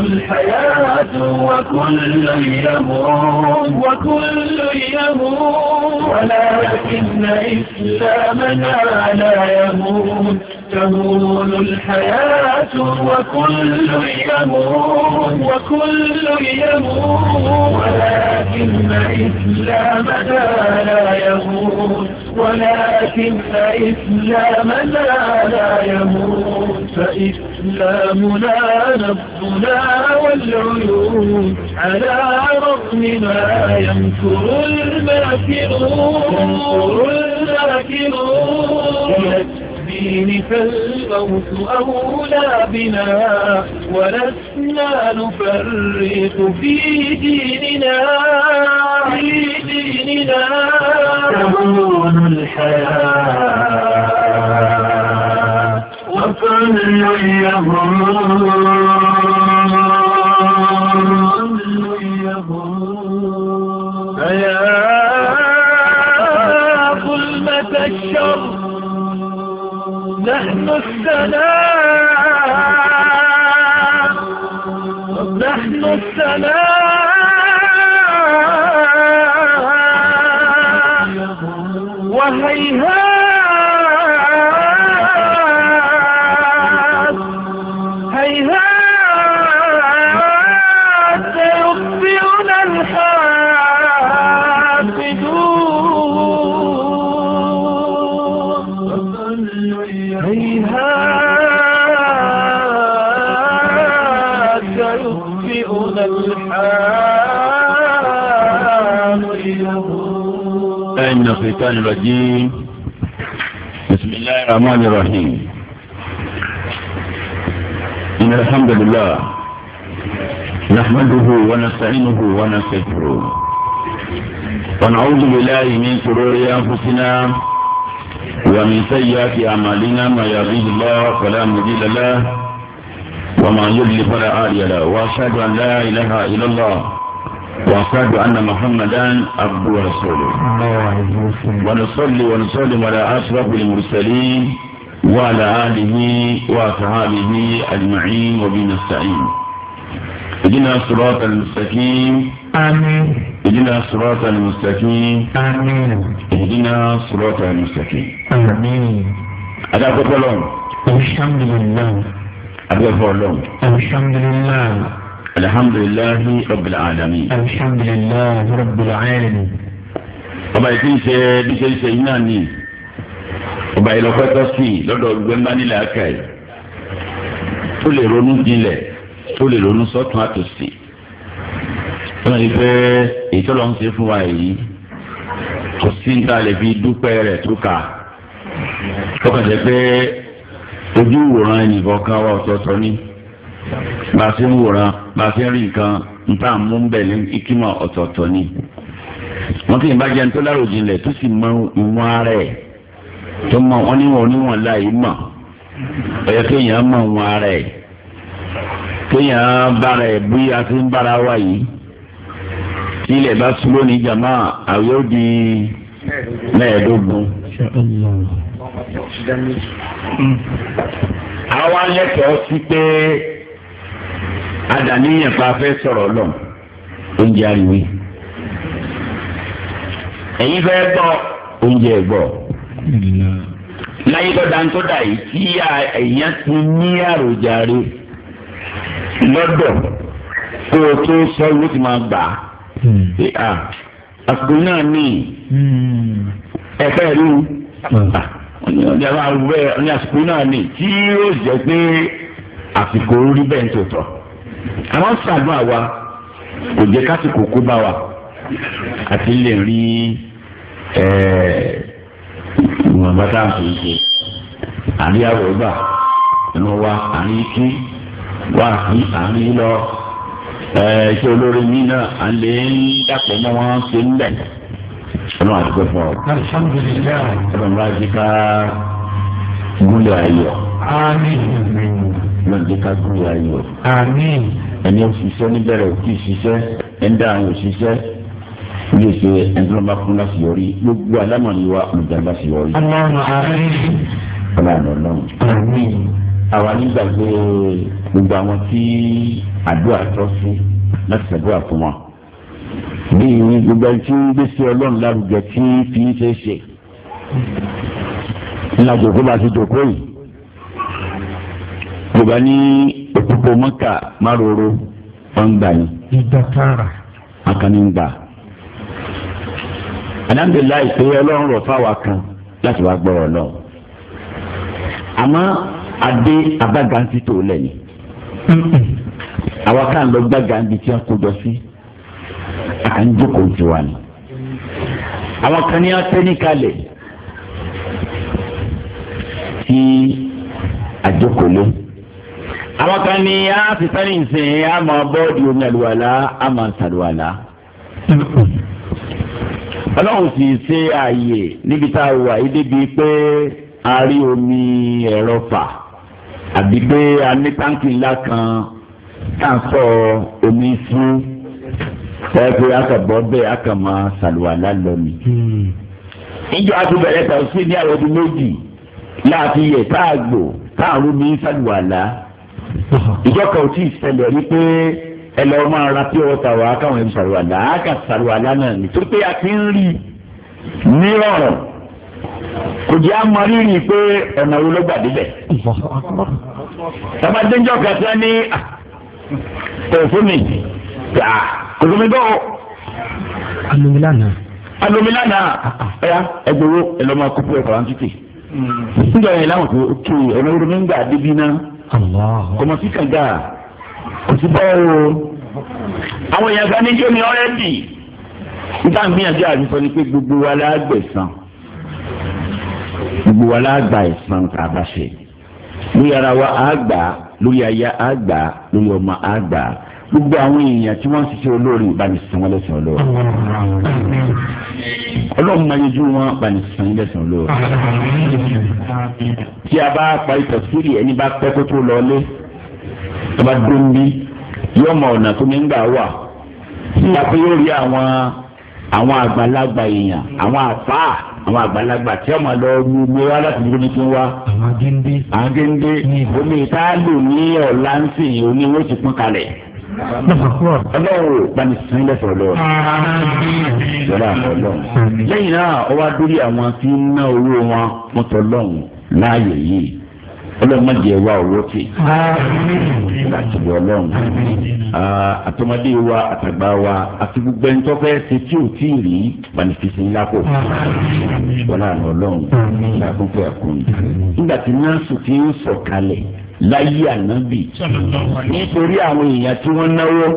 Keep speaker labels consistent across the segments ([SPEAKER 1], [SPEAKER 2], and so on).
[SPEAKER 1] الحياة وكل يمر وكل يموت ولكن إسلامنا لا يموت تهون الحياة وكل يموت وكل يموت ولكن إسلامنا لا يموت ولكن إسلامنا لا يموت فإسلامنا نبوت الدنا والعيون على رغم ما ينكر الماكرون الماكرون الدين فالموت أولى بنا ولسنا نفرق في ديننا في ديننا تهون الحياة وكل يهون الشر نحن السلام نحن السلام وهيهات من
[SPEAKER 2] الشيطان الرجيم بسم الله الرحمن الرحيم إن الحمد لله نحمده ونستعينه ونستغفره ونعوذ بالله من شرور أنفسنا ومن سيئات أعمالنا ما يهديه الله فلا مضل له ومن يضلل فلا هادي له وأشهد أن لا إله إلا الله وأشهد أن محمدا عبد ورسوله ونصلي ونسلم على أشرف المرسلين وعلى آله وأصحابه أجمعين وبنستعين اهدنا الصراط المستقيم آمين اهدنا الصراط المستقيم آمين اهدنا الصراط المستقيم آمين أدعوك الحمد لله أدعوك الحمد لله الحمد لله رب العالمين الحمد لله رب العالمين ọba yìí ti ń ṣe bí ṣe ń ṣe yín náà ni ọba yìí lọ́pẹ́ tó sì lọ́dọ̀ gbẹ́ńbá nílẹ̀ aka yìí tó lè ronú jinlẹ̀ tó lè ronú sọ́tún àtòsí wọn yìí pé èyí tó lọ ń ṣe fún wa yìí kò sí níta lè fi dúpẹ́ rẹ̀ tó kà ó kàn pé ojú ìwòran ẹnìkan kan wà ọ̀tọ̀ọ̀tọ̀ ni bá a fi ń wòran bá a fi ń rí nǹkan nǹkan àmú ń bẹ̀ ní ìkímọ̀ ọ̀tọ̀ọ̀tọ̀ ni wọ́n ti ń bá jẹun tó lárò jinlẹ̀ tó sì mọ ìwọ̀n ara ẹ̀ tó mọ wọn níwọ̀n oníwọ̀n láì mọ̀ ọ̀yọ́ kéèyàn mọ̀ ìwọ̀n ara ẹ̀ kéèyàn bára ẹ̀ bí a ti ń bára wa yìí tí ilẹ̀ bá sùn lónìí jàmá àwẹ̀ ó di mẹ́ẹ̀ẹ́dógún àwa lẹ́tọ̀ọ́ sí pé. adàníyàn pa fẹ́ sọ̀rọ̀ lọ oúnjẹ àríwí ẹ̀yin fẹ́ gbọ́ oúnjẹ gbọ́ láyé lọ́dà tó dà yìí tí èèyàn ti ní àròjàre lọ́dọ̀ kó o tó sọ ló ti máa gbà á náà ní ẹ̀fẹ́ rí àsìkò náà tí yóò pé àsìkò àwọn ṣàdúrà wa kò jẹ́ kásìkò kó bá wa àti lè rí ìwọ̀n bàtà àkùnjẹ àrí àwòrán ẹnu wa àrí kí wà àrí lọ ṣé olórí mi náà à ń lè ń dàpọ̀ mọ́ wọn ṣe ń bẹ̀ ọlọ́run àdúgbò fún ọ. alhamdulilayi. ọlọ́run bá gúnlẹ̀ ayọ̀. lọ́dẹ ká gbé ayọ̀. àmín. ẹni òṣìṣẹ́ níbẹ̀rẹ̀ òkú ìṣiṣẹ́ ẹni dá àwọn òṣìṣẹ́ yóò ṣe ẹni tó bá fún láti yọrí gbogbo alámọ̀ni wa olùdarí láti yọrí. ọlọ́run àárín. ọlọ́run ọlọ́run. àmín. àwa nígbàgbé gbogbo àwọn tí àdúrà tọ́ sí láti ṣàdúrà fún wọn bíi gbogbo ẹni tí ń gbé sí ọlọ́run lárugẹ tí fi ń ṣe é ṣe. ńlá jòkó bá ti jòkó yìí yorùbá ní òkúkọ mọ́kà márùrù wọ́n ń gbà ní.
[SPEAKER 1] ìdàkàrà.
[SPEAKER 2] akanni ń gbà. alhamdulilayi pé ọlọ́run rọ̀ fáwa kan láti wá gbọ́ ọ̀nà. àmọ́ adé abágantí tó lẹ́yìn. àwa kan lọ gbàgàndì tí a kó jọ sí. a kàn ń jókòó àwọn kan ní atẹ́ni kalẹ̀ tí àjọkòló àwọn kan ní a fi sẹ́ni ìsìn a máa bọ́ọ̀dì omi àlùwàlá a máa ń sàlùwàlá. ọlọ́run sì ṣe ààyè níbi tá a wà yìí débi pé a rí omi ẹ̀rọ fà àbí pé a ní táǹkì ńlá kan tá à ń sọ omi fún
[SPEAKER 1] ẹgbẹ́ akàbọ̀
[SPEAKER 2] bẹ́ẹ̀ a kàn máa sàlùwàlá lọ ni. ìjọ àtúbẹ̀rẹ̀ tàwọn sí ní àwọn ọdún méjì láàfin yẹ tá a gbò tá a rú mi sàlùwàlá ìjọ kan ò tí ì ṣẹlẹ̀ rí pé ẹ lọ máa ra pure water wá káwọn ẹbí ṣàlùwàlá á kà ṣàlùwàlá náà nítorí pé a ti ń rí ní ọ̀rọ̀ kò jẹ́ àmọ́ rírì pé ọ̀nà wo ló gbà débẹ̀. bàbá dénjọ́ kan tí wọ́n ní òfin mi kò lómi gbọ́ o. alomilana. alomilana ah, ah. ẹ̀yà ẹgbẹ̀rún ẹ̀ lọ́mọ kópó ẹ̀fọ́ àǹtítì. Hmm. níjọ́ yẹn láwọn tó kí ọ̀nà wo ń gbà débi náà
[SPEAKER 1] kọmọ
[SPEAKER 2] sí kànga kò sí o àwọn èèyàn kan níjó ni ọ́rẹ́dì nígbà gbìyànjú àdúgbò ni pé gbogbo wa la gbẹ̀san gbogbo wa la gba ẹ̀san tá a lórí ara wa á gbà á lórí aya á gbà á lórí ọmọ á gbà á gbogbo àwọn èèyàn tí wọ́n ń ṣiṣẹ́ olórí ìbánisìn wọn lẹ́sìn olórí ọlọ́run máa yẹjú wọn ìbánisìn yín lẹ́sìn olórí tí a bá pa ìtọ̀ ẹni bá pẹ́ kó tó lọlé tó bá dún bí yóò mọ ọ̀nà tó ní ń gbà wà tí a fi yóò rí àwọn àwọn àgbàlagbà èèyàn àwọn àfáà àwọn àgbàlagbà tí ọmọ lọ lu mi wá láti dúró ní kí n wá. àwọn géńdé. àwọn géńdé hmm. omi ìta lò ní ọ̀la ń sìn yìí omi wọ́n ti pọ́n kalẹ̀. ọlọ́run bani sin lẹ́sọ̀ lọ. ìjọba ọlọ́run. lẹ́yìn náà ó wá dórí àwọn tí ń ná owó wọn mọ́tò ọlọ́run láàyè yìí ọlọ́run má jẹ́ wa owó fi láti lọ ọlọ́run àtọmọdé wa àtàgbà wa àti gbogbo ẹni tó fẹ́ ṣe tí ò tí ì rí panifisi ńlá kò wọlé àná ọlọ́run lákòókò ẹ̀kún nígbà tí nọ́ọ̀sì ti ń sọ̀kalẹ̀ láyé ànábì nítorí àwọn èèyàn tí wọ́n náwó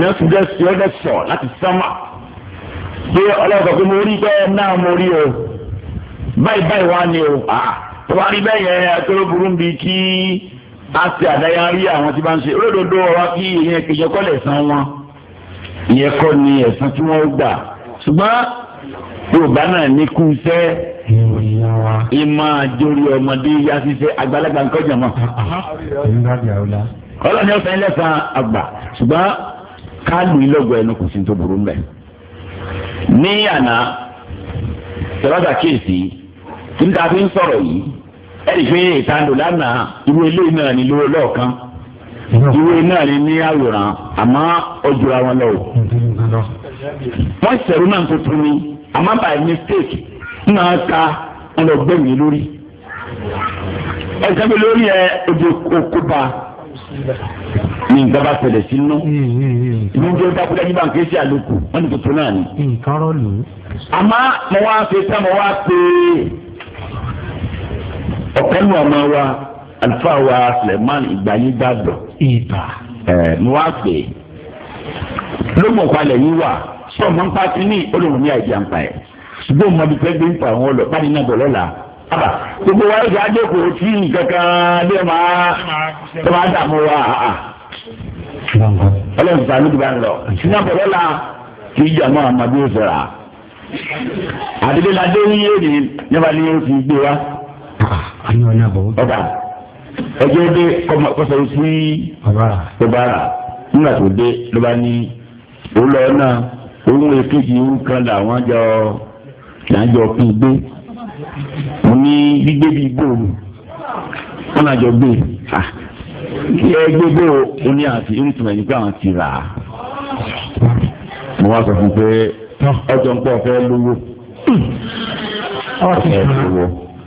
[SPEAKER 2] nọ́ọ̀sì dẹ́sí ọ̀dẹ́sọ̀ láti sọ́mà pé ọlọ́run kọ̀ọ̀kan mo rí bẹ́ẹ̀ náà mo rí o báyìí báyìí wá ní o tó bá rí bẹ́ẹ̀ yẹn akérò burú bíi kí a ṣe àdáyà rí àwọn tí bá ń ṣe olódodo ọ̀rọ̀ kí ìyẹn kìjọ kọ́ lẹ̀ san wọn ìyẹn kọ́ ni ẹ̀san tí wọ́n gbà ṣùgbọ́n yorùbá náà ní kú sẹ́ ìmọ̀ àjòrí ọmọdé yá ṣiṣẹ́ àgbàlagbà ń kọjá mọ́ ọlọ́ni ọ̀sán ilé san àgbà ṣùgbọ́n káàlù ìlọ́gbọ̀ ẹnu kò sí tó burú mẹ́ ní àná tẹ̀lọ́dà torí tá a fi ń sọ̀rọ̀ yìí ẹ̀rí fi ìtàndò lánàá irú eléyìí náà ni lówó lọ́ọ̀kan irú náà ni ní àwòrán àmọ́ ọjọ́ àwọn lọ o. wọ́n ṣẹ̀rú náà tuntun ni àmọ́ by mistake ka ń lọ lórí. ẹ̀sẹ̀ mi lórí ẹ ojú okóba ní nǹkan bá sí inú. ìlú sí àlòkù wọ́n náà ni. àmọ́ mo wá mo ọ̀pọ̀ nù ọmọ wa àlùfáà wa Suleiman ìgbàyín gbàdọ̀. ìbà. ẹ mo wá pè é lóògùn ọ̀pálẹ̀ yìí wà sọ ma ń pa ti ní olóhùn ní àìjà ń pa ẹ̀ ṣùgbọ́n mo bí pẹ́ẹ́bí ń pa àwọn ọlọ́ bá ní náà bọ̀ lọ́la. àbà gbogbo wa ẹ̀ka adéko tí nǹkankan dé máa
[SPEAKER 1] tó máa dààmú wa àhà.
[SPEAKER 2] ọlọ́run sàánú ti bá ń lọ sínú àbọ̀ lọ́la kì í jàmọ́ àmàdúró sọ̀rọ̀ àdédé la yé ni nígbà tí ó gbé wa ọba ọjọ́ dé kọ́sọ̀ sí ọbaara nígbà tó dé ló bá ní olọ́ náà òun èkejì òun kan làwọn jọ lájọ pín gbé mo ní gbígbé bíi gbòòrò wọn làjọ gbé kí ẹ gbé gbòòrò ó ní àti irúntùmọ̀ ẹni pé àwọn ti rà á mo wá sọ fún pé ọjọ́ ń pọ̀ fẹ́ lówó hmm. ọ̀fẹ́ lówó.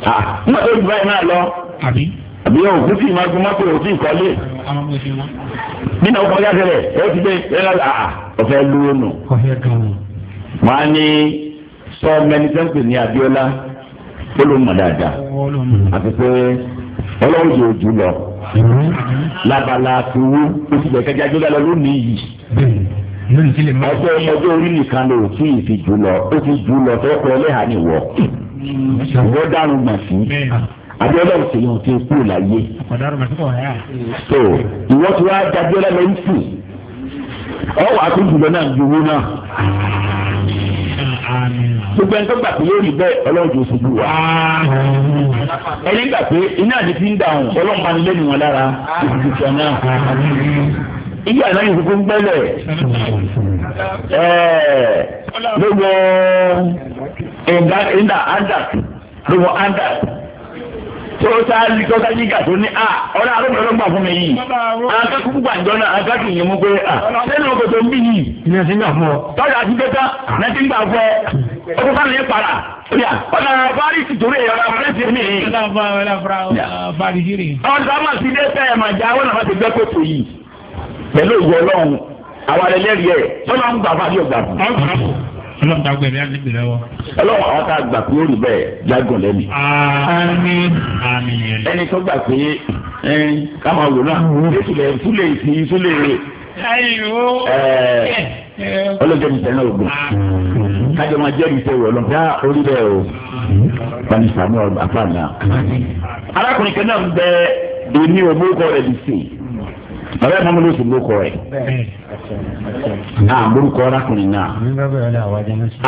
[SPEAKER 2] nígbà ah, tó ju báyìí náà lọ àbí òkú sì máa gun mọ́tò òkú ìkọ́lé nínú ọkọ̀ ọjà tẹ̀lẹ̀ ẹ ti dé ẹ lọ́la ah, ọ̀fẹ́ lúwo nù. wọ́n á ní sọ mẹ́nitẹ́ǹpì ní Abíọ́lá ó ló mọ̀ dáadáa àti pé ọlọ́run yóò jù lọ labala towó ó ti bẹ̀ kẹjá gbégbá lọ lónìí yìí ọjọ́ ọjọ́ orí nìkan ló tún ìfi jù lọ ó ti jù lọ tọ́kọ ẹlẹ́hàá nìwọ. ṣàwọn dàrú gbà sí abiola ti kú láyé so ìwọ tí wàá dabiola lọ ń sùn ọ wàá tún jùlọ náà ju owó náà gbogbo ẹni tó gbà pé yóò rí bẹ́ẹ̀ ọlọ́run wa ẹni gbà pé iná Ị ànáyè kúkú ń gbẹ́lẹ̀ lógo ìdá andak lógo andak tó sáájú tó sáájú gà tó ní a ọ̀rẹ́ arúgbó fún mi yìí akẹ́kọ̀ọ́ akẹ́kọ̀ọ́ pé a ọ. tọ́jà ti dé tán náà ti ń gbà fún ọ ọkọ̀ para ọ̀nà fárísì torí ẹ̀yọ́ mi. ọ̀nà fárísì rè. ọ̀nà fárísì rè. ọ̀nà fárísì rè. ọ̀nà fárísì rè. ọ̀nà fárísì rè. ọ̀nà fárísì rè. ọ̀nà fárísì rè. ọ̀nà fárísì rè. ọ̀nà fárísì rè. ọ̀nà fárísì rè. ọ̀nà fárísì rè. ọ̀nà fárísì rè. ọ̀nà fárísì rè. ọ̀nà fárísì rè. ọ̀nà fárísì rè. ọ̀nà fárísì rè. ọ̀nà fárísì rè. ọ̀nà fárísì rè. ọ̀nà fárísì rè. pẹ̀lú ìwọ ọlọ́run àwọn alẹ́lẹ́rìí ẹ̀ sọ́nà ń gbà fún àbí ọ̀gbà fún. ọlọ́run ta gbẹ̀rẹ̀ àti gbẹ̀rẹ̀ wọ. ọlọ́run àwọn tá a gbà pé ó rí bẹ́ẹ̀ jágùn lẹ́nu. àmín àmín. ẹni tó gbà pé ká máa wò náà yéṣu lè súlè sí súlè. ọlọ́jọ́ mi tẹ̀lé ògùn kájọ máa jẹ́ ìṣe wọ̀ lọ́n bá orí bẹ́ẹ̀ o. wọ́n sàmúlò àfààní. arákùnrin kan náà ń bẹ èmi ò mú kọ́ ẹ̀dùn bàbá yẹn mọ́mọ́lú oṣù lóko rẹ̀ náà lórúkọ arákùnrin náà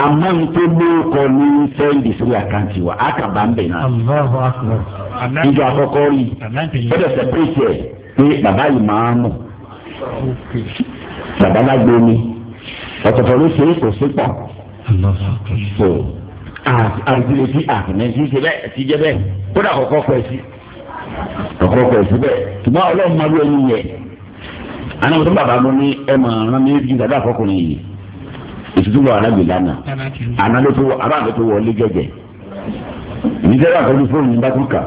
[SPEAKER 2] àmọ́ n tó lóko ní sẹ́yìndì sórí àkáǹtì wa á kà bá ń bẹ̀ náà ìjọ àkọ́kọ́ rí ẹ̀ pé bàbá yìí máa mọ̀ bàbá lágbo mi ọ̀tọ̀tọ̀ ló ṣe é kò sí pọ̀ ṣe bẹ́ẹ̀ ti jẹ́ bẹ́ẹ̀ sí sí bẹ́ẹ̀ àná mo tún bàbá mo ní ẹ mọ̀ ọ̀ràn mi ju dàda àfọkùnrin yìí ètùtù bọ̀ alágbè lánàá àná ló tó àbá ló tó wọlé gẹ́gẹ́ ìdíjẹ́ bá kọjú fóònù ní bátúkà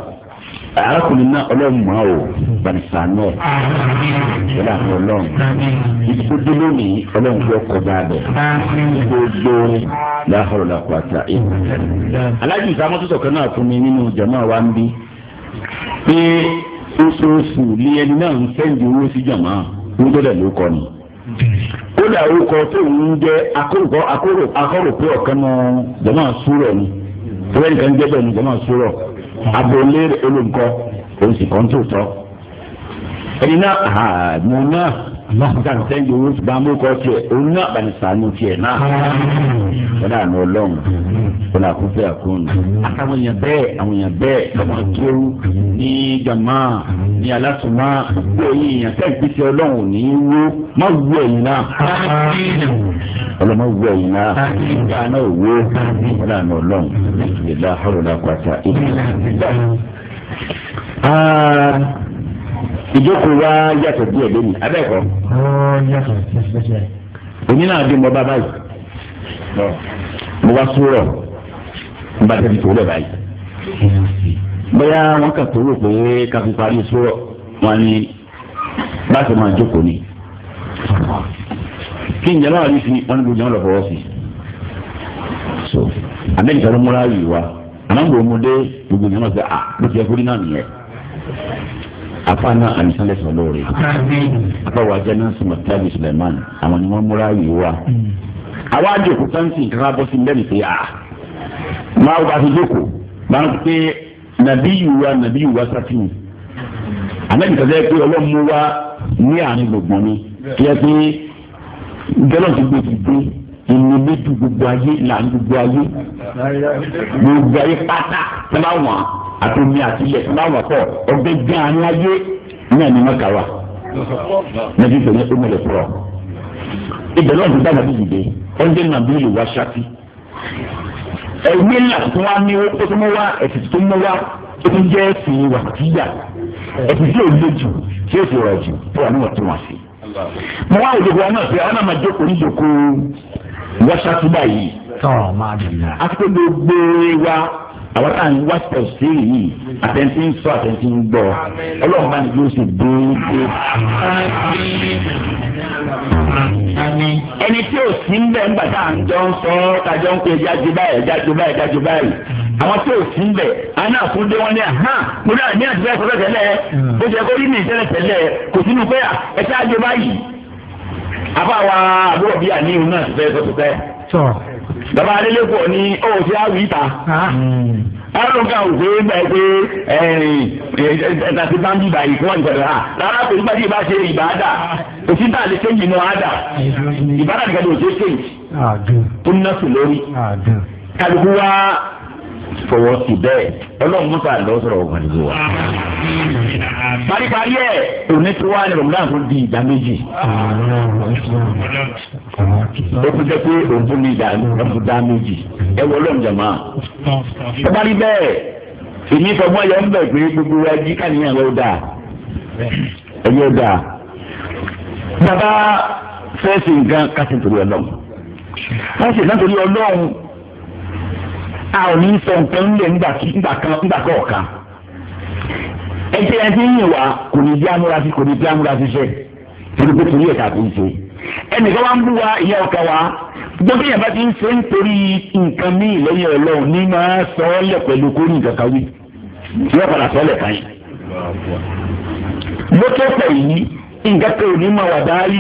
[SPEAKER 2] arákùnrin náà ọlọ́run mọ́ o balùwà náà ìyá ọlọ́run ìdíjẹ́ tó lónìí ọlọ́run tó kọjá rẹ̀ gbogbo láhọ̀rọ̀ làkúrata ìmọ̀lẹ́. alájú ìsàmọ́tòtò kan náà fún pé oṣooṣù lé ẹni náà ń fẹ́ǹdì owó sí jàmáà ń tó dẹ̀ ló kọ ni. kódà orúkọ tó ń jẹ́ akóròkọ akóròpé ọ̀kan mọ́ jọ̀mọ́ àsúrọ̀ ni ìwé nìkan jẹ́ bẹ́ẹ̀ ni jọ̀mọ́ àsúrọ̀ abolé olùkọ́ oṣù kan tó tọ́ ẹni náà àmì náà jàǹtẹ́ yìí owó ṣùgbọ́n amókọ́ tiẹ̀ òun náà bá ní sàánú tiẹ̀ náà wọ́n dà nù ọlọ́run wọ́n dà kó fẹ́ àkóhùn. àtàwọn èèyàn bẹ́ẹ̀ àwọn èèyàn bẹ́ẹ̀ lọ́mọ kéwú ní jàmá ní alásùnmá gbogbo yìí èèyàn sẹ́ǹpì tí ọlọ́run ní í wó má wú ẹ̀yìn náà ọlọ́mọ wú ẹ̀yìn náà ìgbà náà wó wọ́n dà nù ọlọ́run ìlà ọlọ́run àpàtà ìlà. Ah ìjókòó wa yàtọ̀ díẹ̀ lónìí abẹ́ẹ̀kọ́. òní náà dín mọ́ bá báyìí mo wá sórọ̀ nígbà tó ti tó lẹ̀ báyìí. bóyá wọn kà tó rò pé ká fi parí sórọ̀ wọn ni bá a ti máa jókòó ni. kí n jẹ́ náà rí sí wọn ní gbogbo náà lọ fọwọ́ sí. so amẹ́ríkà ló múra yìí wa àmọ́ gbòmùdé gbogbo náà sọ à bó ti yẹ kó náà nìyẹn afáàná ànisánlẹsọ lóore àbáwá jẹnẹsì mọtàbí suleiman àwọn ni wọn múra yìí wá hmm. àwa àjòkó táǹsì kíkà bọ sí lẹ́nu pé a ah, máa wọ àti jókòó máa ń pé nàbí ìwà nàbí ìwà sátìmù àmẹ́bí kan pé ọlọ́run mú wá ní àárín gbogbo ni kí ẹ pé gẹ́lọ́ ti gbé ti gbé ìní méjì gbogbo ayé là ń gbogbo ayé gbogbo ayé pátá tẹ́lá wọ̀n. atomi omi àti ilẹ̀ tí ọgbẹ́ náà ni wọ́n kà wá. nàbí pọ̀. dìde lè wá ẹ̀mí ńlá tó wá ní tó wá ẹ̀sìn tó wá jẹ́ ẹ̀sìn wà kíyà ẹ̀sìn tí ò lé jù tí sì rọ̀ jù tó wà níwọ̀n tó wà sí.
[SPEAKER 1] mo wá òjòkó wa náà pé
[SPEAKER 2] àwọn jókòó wá báyìí. àwọn tá à ń wá tẹ̀sí yìí àtẹ̀ntì ń sọ àtẹ̀ntì ń gbọ́ ọlọ́run bá ní kí ó sì déédéé. ẹni tí ò sí ń bẹ̀ ń gbà tá à ń jọ ń sọ ọ́ tá a jọ ń pe jáde báyìí jáde báyìí jáde báyìí àwọn tí ò sí ń bẹ̀ àná àkúndé wọn ní àhán mo ní àní àti bẹ́ẹ̀ sọ́dọ̀ tẹ́lẹ̀ bó ṣe kó rí mi tẹ́lẹ̀ tẹ́lẹ̀ kò sínú pé ẹ ṣáájú báyìí àbáwa àbúrò bíi àníyàn náà ti fẹ́ sọ́tún bàbá adélépọ̀ ni ó fi àwì ìta alóńgá òkè gbà pé ẹ̀ẹ́dàtí bá ń bíbà yìí fún ọ̀nìkọ̀dọ̀ ha rárá pé nígbà tí ìbá ṣe ìbáadà òfin náà lè ṣéyìn inú àdà ìbáadà nìkan ló ṣe ṣéyìn tó ná sùn lórí kálukú wá fọwọ́ sí bẹ́ẹ̀ ọlọ́run mọ́tò àlọ́ sọ̀rọ̀ ọ̀gbọ̀n nìyí wa. paripari ẹ̀ òní tí wàá ní rọ̀mùdán tó di ìdá méjì. ó ti jẹ́ pé òun tó ní ìdá méjì ẹ wọ ọlọ́run jàmá. paripari bẹ́ẹ̀ èmi fọgbọ́n yọ ń bẹ̀ pé gbogbo wa jí káníyàn ló dà ẹ yóò dà. bàbá fẹ́ẹ́ sìn nǹkan ká sì torí ọlọ́run. ká sì náà torí ọlọ́run a ò ní sọ nǹkan ńlẹ̀ nígbà kan nígbà kọ̀ọ̀kan ẹ̀jẹ̀ ẹ̀jẹ̀ yìí wá kò ní bí amúrasí kò ní bí amúrasí ṣe torí pé torí ẹ̀ka kò ń ṣe ẹnìkan wá ń bú wa ìyá ọ̀ka wa gbogbo yẹn bá ti ń ṣe ń torí nǹkan míì lẹ́yìn ọlọ́run ní máa sọ ọ́ lẹ̀ pẹ̀lú kórìí kankan wí tí wọ́n padà sọ ọ́ lẹ̀ ká yìí. mo tó pẹ̀ yìí nǹkan kan ò ní máa wà dáálì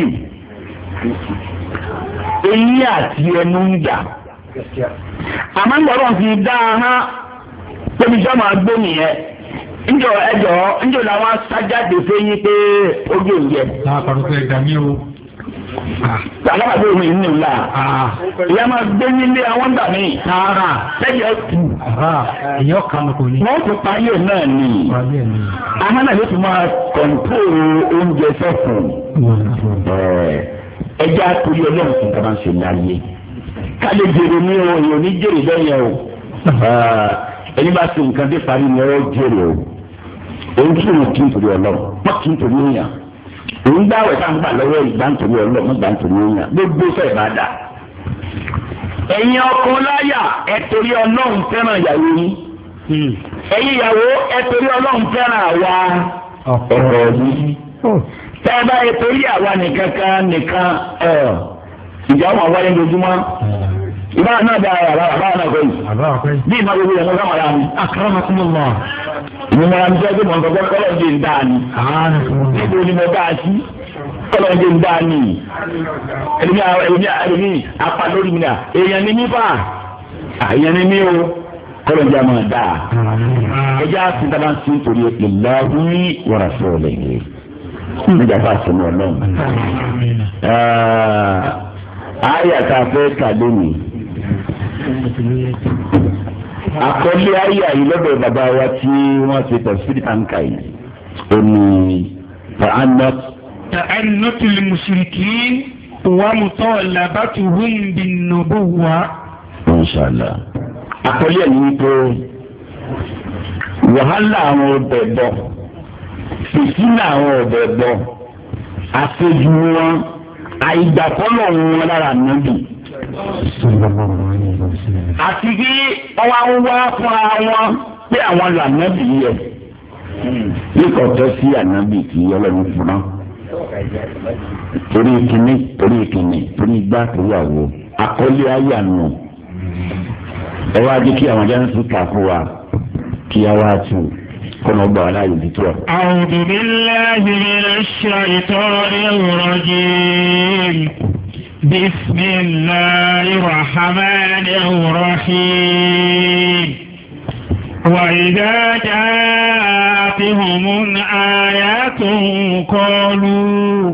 [SPEAKER 2] èyí àti ẹnu ń dà. àmọ́ ńgbọ́dọ̀ fi dá a ha tóbi sọ ma gbó nìyẹn njọ ẹjọ njọ làwọn sájáde fẹyìn pé ó gbé òun jẹ. àpàrọ̀sẹ̀ ìdàmí o. Àlọ́kàdé omi ìnú ńlá. Ìyá máa gbé nílé àwọn gbà mí. Tààrà. Lẹ́yìn ẹ̀kú. Ìyá kò ní. Wọ́n ti parí ẹ̀ náà ni. Àwọn náà yóò fi máa kọ̀ǹtóòrò oúnjẹ Ẹja ọlọ́run ń ṣe ní ayé. kálí jèrè ní o èèyàn ní jèrè bẹ́ẹ̀ yẹn o ah, ẹni bá ṣe nǹkan dé parí ni ọ jèrè o òun kí òun kí n torí ọ lọ kí n torí èèyàn òun gbá àwẹ̀ gbà lọ́wọ́ ìgbà ń torí ọ lọ wọn gbà ń torí gbogbo dà ọkọ láyà ìyàwó yín hmm. ìyàwó àwa hmm. ẹ bá àwa nìkan ìbá náà bá ara bá bá náà kọ́yì. bí ìmọ̀ gbogbo yẹn ló sáwọn ará mi. akramakumullah. ìmọ̀ mọ̀ra mi sẹ́yìn pé mọ̀ nǹkan kọ́lọ́ ń dé dáa ni. níbo ni mo bá a sí kọ́lọ́ ń dé dáa ni. ẹlòmí ẹlòmí ẹlòmí apá lórí mi nà èèyàn ni mí fà èèyàn ni mí o kọ́lọ́ ń jẹ́ àmọ́ dáa. ẹjẹ́ àti tàbá ń sin torí ìlàwí wàrà sọ̀rọ̀ lẹ́yìn. nígbà bá a sọ mọ́ ọlọ́run. ayé àkọlé àyà yìí lọ́dọ̀ bàbá wa tí wọ́n ṣe tẹ̀síìrì àǹkà yìí ó ní tàánà. tàánà tó lè mùsùlùkì wà mú tọ́ làbátú wíńdì nàbó wa. inṣàlá àkọlé ẹ̀ ní pé wàhálà àwọn ọbẹ̀ bọ̀ fìtínà àwọn ọbẹ̀ bọ̀ àṣejù wọn àìgbàkọ́lọ̀ wọn lára nàbì àti bí wọ́n wá fún wọn pé àwọn là nábì yẹ níkọ̀ tó sí ànábì kì í ọlọ́run fún wọn torí kìnnì torí kìnnì torí igbá torí àwo àkọlé ayà nù ẹ wá dé kí àwọn jáde sí kàfún wa kí a wá tù kọ́nà ọgbà wa láàyè bí tó a.
[SPEAKER 1] a'udhu billahi minash shaitanir rajim. بسم الله الرحمن الرحيم
[SPEAKER 2] وإذا جاءتهم آيات قالوا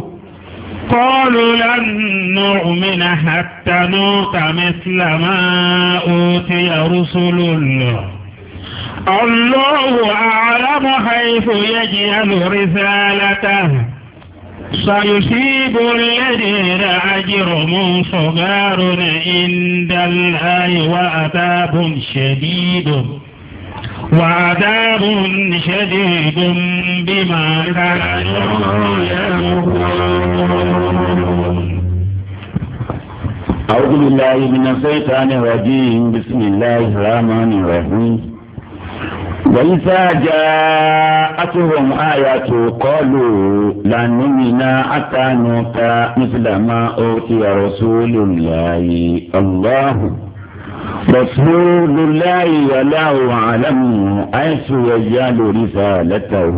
[SPEAKER 2] قالوا لن نؤمن حتى نوت مثل ما أوتي رسل الله الله أعلم حيث يجعل رسالته سيصيب الذين أجرموا صغار عند الله وعذاب شديد
[SPEAKER 1] وعذاب شديد بما كانوا
[SPEAKER 2] يعملون أعوذ بالله من الشيطان الرجيم بسم الله الرحمن الرحيم وإذا جاءتهم آية قالوا لن نؤمن حتى نؤتى مثل ما أوتي رسول الله الله رسول الله وله أعلم حيث يجعل رسالته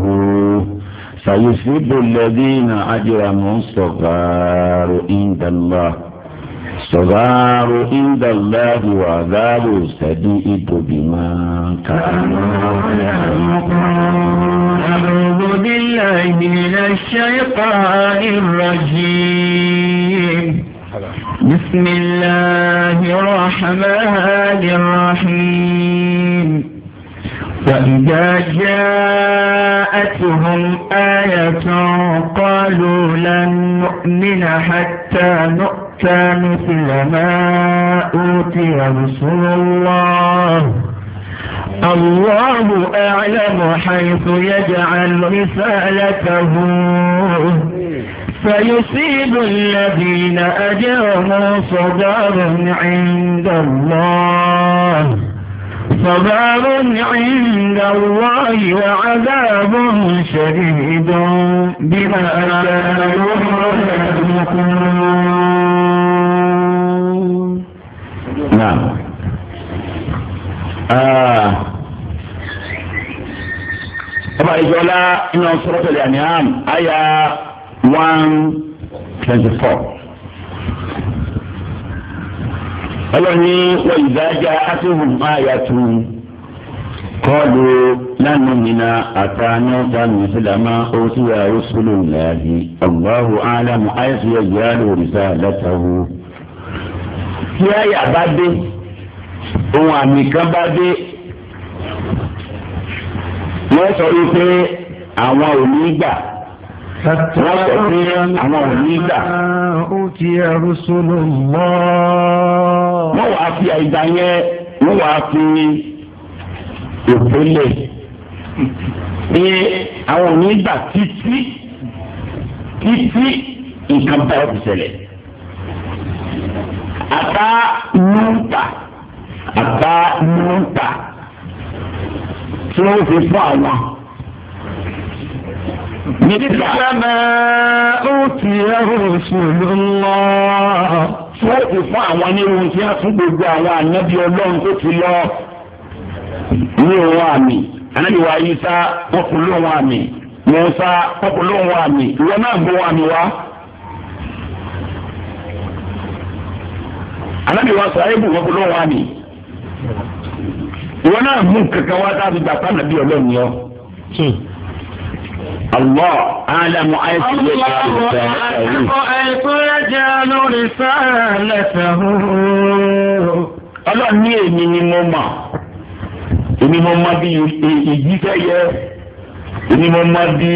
[SPEAKER 2] فيصيب الذين أجرموا الصغار عند الله صغار عند الله وعذاب شديد بما كانوا
[SPEAKER 1] يعملون أعوذ بالله من الشيطان الرجيم بسم الله الرحمن الرحيم وإذا جاءتهم آية قالوا لن نؤمن حتى نؤمن أوتى مثل ما أوتي رسول الله الله
[SPEAKER 2] أعلم حيث يجعل رسالته فيصيب الذين أجرموا صدار عند الله صبر عند الله وعذاب شديد بما كانوا يكون náà ah. ọba ìjọba iná sọ́rọ́tẹ̀lẹ̀ àníhàn àyà one twenty four. ọlọ́ni wọ́n ìdájà àtúhùn àyà tù kọ́ọ̀lù lánàá nìyẹn àtàánú sàmì ìsìlámà òtúwà rúṣùlù làbí ọ̀gbáhù àlámù àìsíyẹ̀ yàrá òrìṣà látàwọ̀ tí àyà bá dé ohun àmì kan bá dé wọ́n sọ wípé àwọn ò ní gbà wọ́n sọ pé àwọn ò ní gbà. wọ́n wàá fi àìgbà yẹn wọ́n wàá fi ìpínlẹ̀ pé àwọn ò ní gbà títí títí nǹkan bá ọ̀sẹ̀ lẹ̀
[SPEAKER 1] ata nuta
[SPEAKER 2] ata nuta tí wọ́n fi fún àwọn. Nígbàlámà ó ti ẹrù òṣèlú lọ. Tí wọ́n fi fún àwọn onírun tí wọ́n fún gbogbo àwọn ànábì ọlọ́run tó ti lọ ní òun àmì. Ànábì wa Isa wọ́n fún lóun àmì. Mùsá wọ́n fún lóun àmì. Ìwọ náà gbọ́ àmì wa. anábì wa sọ ayébù wọn kó ló wà ní. ìwọ náà mú kankan wá tá a fi gbà pa nàbí ọlọ́run yọ. الله أعلم حيث يجعل رسالته حيث يجعل رسالته ọlọ́run ní èmi ni mo mọ̀ èmi mo mọ̀ bí ìjíṣẹ́ yẹ èmi mo mọ̀ bí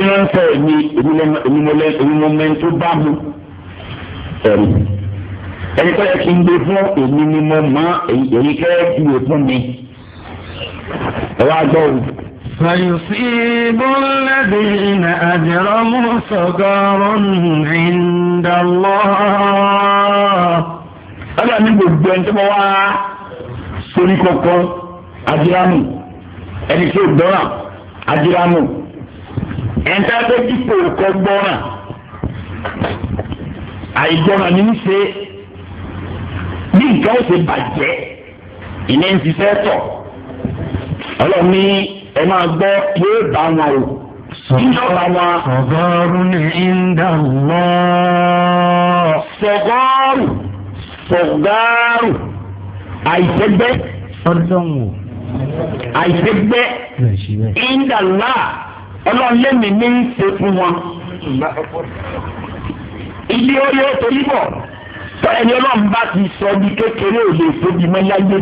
[SPEAKER 2] ìrànṣẹ́ mi èmi mo mọ̀ ẹni tó bá mu ẹ̀rí. ẹni tó yẹ kí n gbé fún èmi ni mo mọ èyí kẹ́ ìwé fún mi ẹ wá gbọ́ o. فيصيب الذين أجرموا صغار عند الله gbogbo ẹni tó bá wá kọ̀ọ̀kan adiramu ẹni tó adiramu ẹni tó bá tó dípò kọ́ bí nǹkan ó ti bàjẹ́ ilé ń ṣiṣẹ́ tọ̀ ọlọ́ọ̀ni ẹ máa gbọ́ yóò bá wọn o. Ìjọba wa. Sọ̀gọ́rù ni ìdá lọ. Sọ̀gọ́rù sọ̀gọ́rù àìsẹ́gbẹ́. Ọlọ́run. Àìsẹ́gbẹ́. Ìdá là ọlọ́run lẹ́mìí ní í ṣe fún wọn. Ilé ó yóò torí bọ̀ ẹni ọlọ́run bá ti sọ bí kékeré ò lè tóbi mọ́ láyé.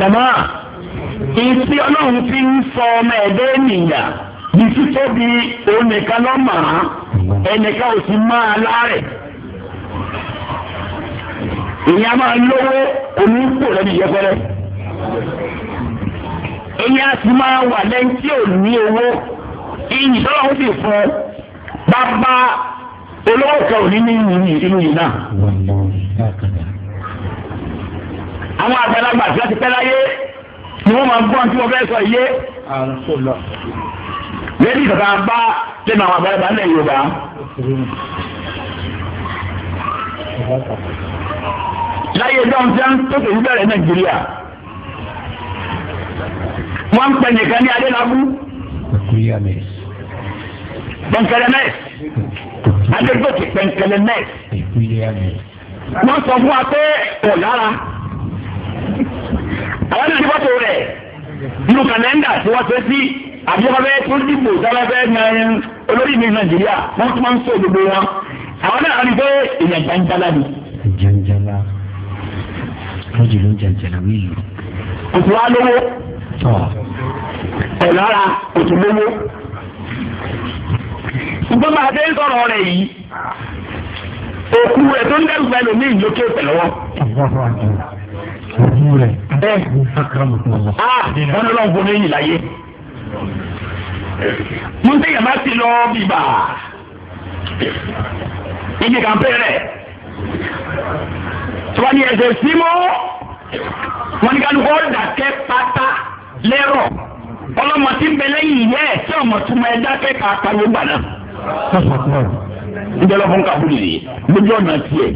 [SPEAKER 2] jàmá ìsí ọlọ́run fi ń sọ ọmọ ẹ̀dẹ́ ènìyàn bí títóbi onìkan lọ́ mà á ẹnìkan ò sì máa láàrẹ̀. ìyá máa lówó onípò lẹ́nu ìyẹ́pẹ́rẹ́. èyí á sì máa wà lẹ́yìn tí ò ní owó ìyìn tọ́lọ́run sì fún bàbá olówó kan ò ní ní ìlú yìí náà. àwọn àgbàlagbà tí wọ́n ti pẹ́ láyé ni wọ́n máa ń gbọ́n tí wọ́n fẹ́ sọ iye. lẹ́yìn ìkàkà bá lẹ́nu àwọn àgbàlagbà náà Yorùbá. láyé dáhùn tí wọ́n tó tẹ̀sí bẹ̀rẹ̀ Nàìjíríà wọ́n ń pẹ̀ nìkan ní Adélábù. bọ̀ǹkẹ̀rẹ̀ mẹ́ẹ̀sì agbègbè pẹ̀ntẹ̀lẹ̀ nẹ́ẹ̀sì wọ́n sọ fún wa pé kò lára àwọn ènìyàn fọ́tò rẹ̀ nínú kàlẹ́ndà tí wọ́n ṣe sí àbíọ́fẹ́ tó dìbò sábẹ́fẹ́ yan olórí mi nàìjíríà wọ́n tún máa ń sọ gbogbo wọn àwọn náà rí pé èèyàn jàǹjàlá ni.
[SPEAKER 1] jàǹjàlá lójú ló ń jàǹjàlá wí yìí.
[SPEAKER 2] òtún wa lówó ọ̀lára òtún lówó ṣùgbọ́n bá a ṣe ń sọ̀rọ̀ rẹ̀ yìí òkú rẹ̀ tó ń dẹ́rù bá ẹlòmíì lókè pẹ̀lọ́wọ́.
[SPEAKER 1] òkú rẹ̀ ẹ ah,
[SPEAKER 2] wọn lọ́n fún lẹ́yìn láyé. mo ń tẹ̀yẹ̀ má sí lọ bíbà igi kan pé rẹ̀ tí wọ́n ní ẹsẹ̀ símọ́ wọ́n ní kálukọ́ dàkẹ́ pátá lẹ́rọ̀ ọlọ́mọ tí ń bẹ lẹ́yìn ìyá ẹ̀ tí ọmọ tó máa dá kẹ́kọ̀ọ́ apariwo gbà náà. ń jẹ́ lọ́fún kábùlì rèé lójú ọ̀nà tiẹ̀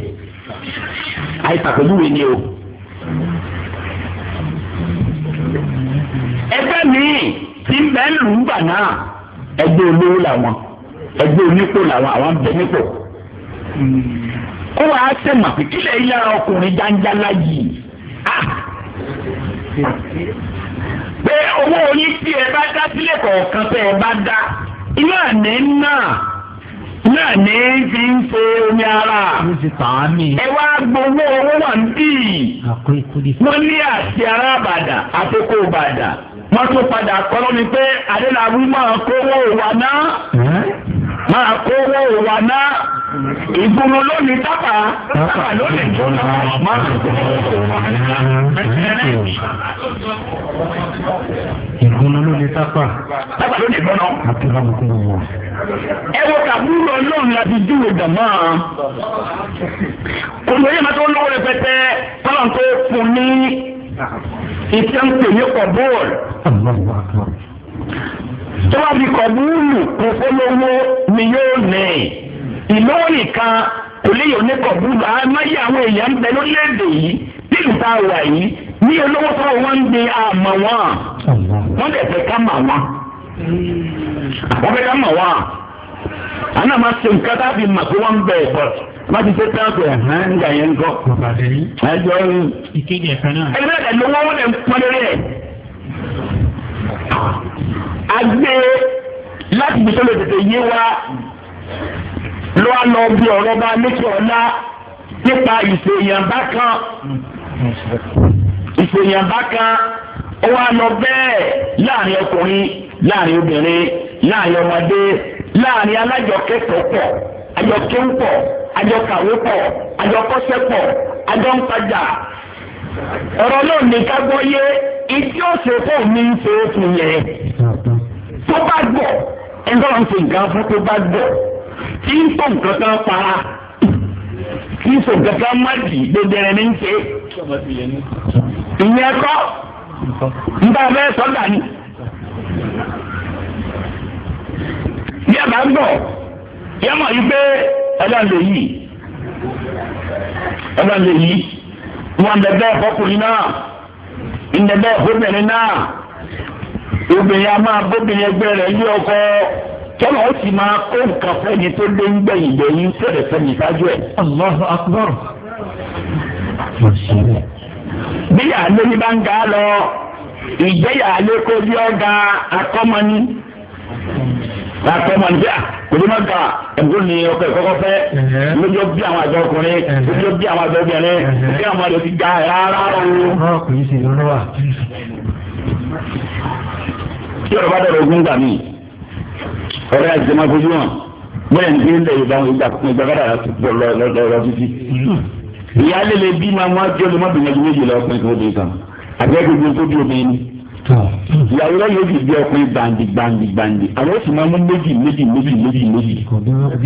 [SPEAKER 2] àìsàpèjúwe ni o. ẹgbẹ́ mi ti ń bẹ́ẹ̀ lù ú gbà náà ẹgbẹ́ olówó làwọn ẹgbẹ́ onípò làwọn àwọn bẹ nípò. ó wàá sẹ́mà pé kílẹ̀ ilé ara ọkùnrin jáńjá láyìí ah! pé owó oyin tí ẹ bá dá sílẹ̀ kọ̀ọ̀kan tẹ́ ẹ bá dá iná ní náà náà ní fi ń ṣe omi ara ẹ wá gbowó owó wà ń bì wọ́n ní àti ara àbàdà àtòkò àbàdà wọ́n tún padà kọ́ mi pé adélábù máa kówó ìwà náà máa kówó ìgboro lónìí tábà tábà lónìí tó ń bá ìgboro lónìí tábà tábà lónìí gbọ́nà. ẹ wo kàbúrò ọlọ́run láti júwe dàmọ́ olùwẹ̀yẹ máa tó lówó rẹpẹtẹ tọ́lá tó fún ní ìtẹ́ǹpè ní kọ̀bọ́ọ̀lù tó wá di kọ̀búrù kò fọlọ́wọ́ ni yóò nẹ̀. ìlówó nìkan kò lè yọ oníkọ̀ búlù àmáyé àwọn èèyàn ń bẹ lórílẹ̀‐èdè yìí bí ìta wà yìí ní olówó tó wọ́n ń gbé àmọ́ wọn wọ́n lè fẹ́ ká mà wọ́n fẹ́ ká mà àná máa ṣe nǹkan tá a fi mà wọ́n ń bẹ̀ wọ́n ti ṣe ń gà yẹn gọ́. ẹjọ́ ìkéde náà. ẹgbẹ́ lè pọ́n lórí ló wá lọ bí ọ̀rọ̀ bá lékè ọ̀la nípa ìṣèyànbá kan ìṣèyànbá kan ó wá lọ bẹ́ẹ̀ láàrin ọkùnrin láàrin obìnrin láàrin ọmọdé láàrin alájọkẹ́tọ̀ọ́ pọ̀ àjọkéwù pọ̀ àjọkàwé pọ̀ àjọkọ́ṣẹ́ pọ̀ àjọǹtajà ọ̀rọ̀ náà ní ká gbọ́ yé ìdí ọ̀sẹ̀ fún mi ń ṣe é fún yẹn tó bá gbọ́ ẹ̀ ń tọ́ra ń ṣe nǹkan fún tó bá gbọ́. kí n tó nǹkan kan para kí n tó nǹkan kan má dì gbogbo ẹni ń ṣe. ìyẹn kọ́ nígbà bẹ́ẹ̀ sọ́dà ni. bí a bá ń bọ̀ yẹ́n mọ̀ yí pé ọlọ́run lè yí ọlọ́run lè bẹ bẹ́ẹ̀ fọkùnrin náà ń bẹ bẹ́ẹ̀ fọbìnrin náà obìnrin a máa bóbìnrin tọ́lọ̀ ó sì máa kó nǹkan fẹ́ni tó lé ń gbẹ̀yìn gbẹ̀yìn fẹ́rẹ̀ fẹ́ni ṣáájú ẹ̀. Allahu akbar. bí àlẹ́ ní bá ń ga lọ ìjẹ́yà àlẹ́ kó bí ọ̀gá akọ́mọni akọ́mọni bíà kò ní máa ga ẹ̀gbọ́n ni ọkọ̀ ìkọ́kọ́ fẹ́ lójó bí àwọn àjọ ọkùnrin lójó bí àwọn àjọ obìnrin bí àwọn àjọ ti ga rárá o. kí bá dọ̀rọ̀ ogun gbà mí ọ̀rẹ́ àjẹjẹ máa fojú hàn bẹ́ẹ̀ ní kí ilẹ̀ yorùbá ìgbà ìgbà kádà lọ títí. ìyáálé lè bí máa wá jẹ́ ọdún mọ́bìnrin ẹgbẹ́ méjì lọ ọkùnrin kan obìnrin kan àbẹ́gbẹ́ gbogbo tó bí obìnrin ni. ìyàwó rẹ̀ yóò fi bí ọkùnrin gbàǹdì gbàǹdì gbàǹdì àwọn oṣù máa mú méjì méjì méjì méjì méjì.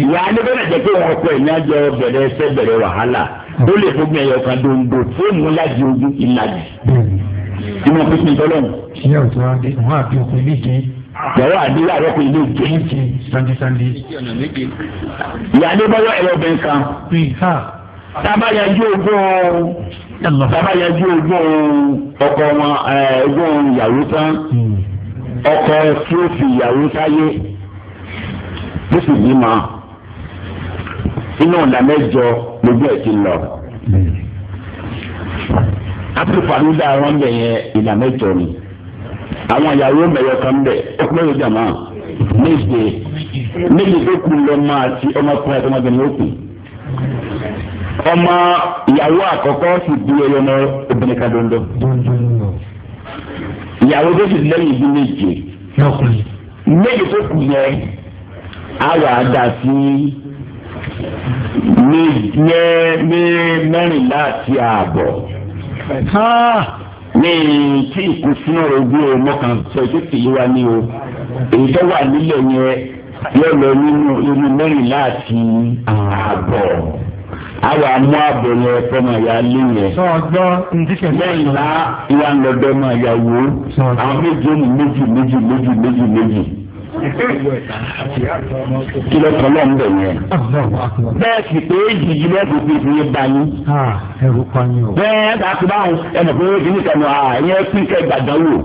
[SPEAKER 2] ìyáálé bẹ́ẹ̀ jẹ́ pé wọn ọkọ ẹ̀mí àjọ bẹ̀rẹ̀ ẹsẹ̀ bẹ̀rẹ̀ wàhálà ó lè fógun yàrá àdéhùn àrọ́pọ̀ ilé jẹ́ǹjì. sandi sandi. ìyáálé bọ́yọ̀ ẹ̀rọ bẹ́ẹ̀ kan. tábà yanjú ogún tábà yanjú ogún ọkọ wọn ogún ìyàwó tán hmm. ọkọ tí ó fi ìyàwó sáyé ó sì bímọ inú ọ̀nà mẹ́jọ gbogbo ẹ̀ ti lọ áfíríkà ló dá àwọn ọmọ yẹn ìlànà ìjọ ni àwọn ìyàwó mẹ̀yọ kan bẹ̀ ẹ̀kúrẹ́ yóò jàmá méje méje tó kù lọ́mọ àti ọmọkùnrin àti ọmọbìnrin ó kù ọmọ ìyàwó àkọ́kọ́ sì di ẹyọ ọmọ obìnrin kan dondo ìyàwó tó sì lẹ́yìn bí méje méje tó kù yẹn á wà á dà sí mẹ́rìnlá àti ààbọ̀ ní tí ìkú sínú rẹ̀ bí o mọ̀kàn sọ ètò tèyí wa ní o èyí tó wà nílẹ̀ yẹn yóò lọ nínú irú mẹ́rin láti ààbọ̀ àwọn amú ààbọ̀ yẹn fọmọ ìyá lé yẹn. sọ̀dọ̀ ndíṣẹ́ lẹ́yìn ìwà ńlọdọ́ máa yà àwọn méjì méjì méjì méjì méjì méjì kí ló kọ́ lọ́n bẹ̀ yẹn. bẹ́ẹ̀ sì pé jìjì lẹ́kùn fi fi ba yín. bẹ́ẹ̀ bá ti bá wọn ẹnì pé ó kìíní kan ẹ̀yẹ pínkẹ́ gbàgbọ́ wò.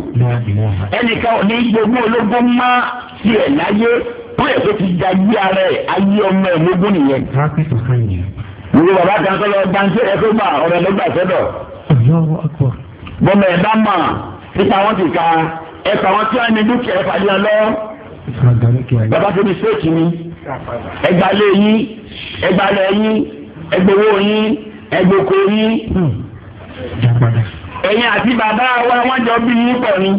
[SPEAKER 2] ẹnìkan ní gbogbo ológo má tiẹ̀ láyé bóyá tó ti da yí ara ẹ̀ ayé ọmọ ẹ̀ lógún nìyẹn. gbogbo bàbá kan tó lọ gbàǹsẹ̀ ẹ̀ tó gbà ọ̀rẹ́ ló gbà sọ́dọ̀. bọ́mọ̀ ẹ̀ bá mọ̀ nípa wọn ti ka ẹ̀ka wọn tí wọ́n ní dúkìá ẹ̀ fàdí ọ bàbá tó ní sèkì ni ẹgbà lé yín ẹgbà lẹ yín ẹgbowó yín ẹgbòkó yín ẹ̀yin àti bàbá wa wọ́n jọ bí yín pọ̀ ni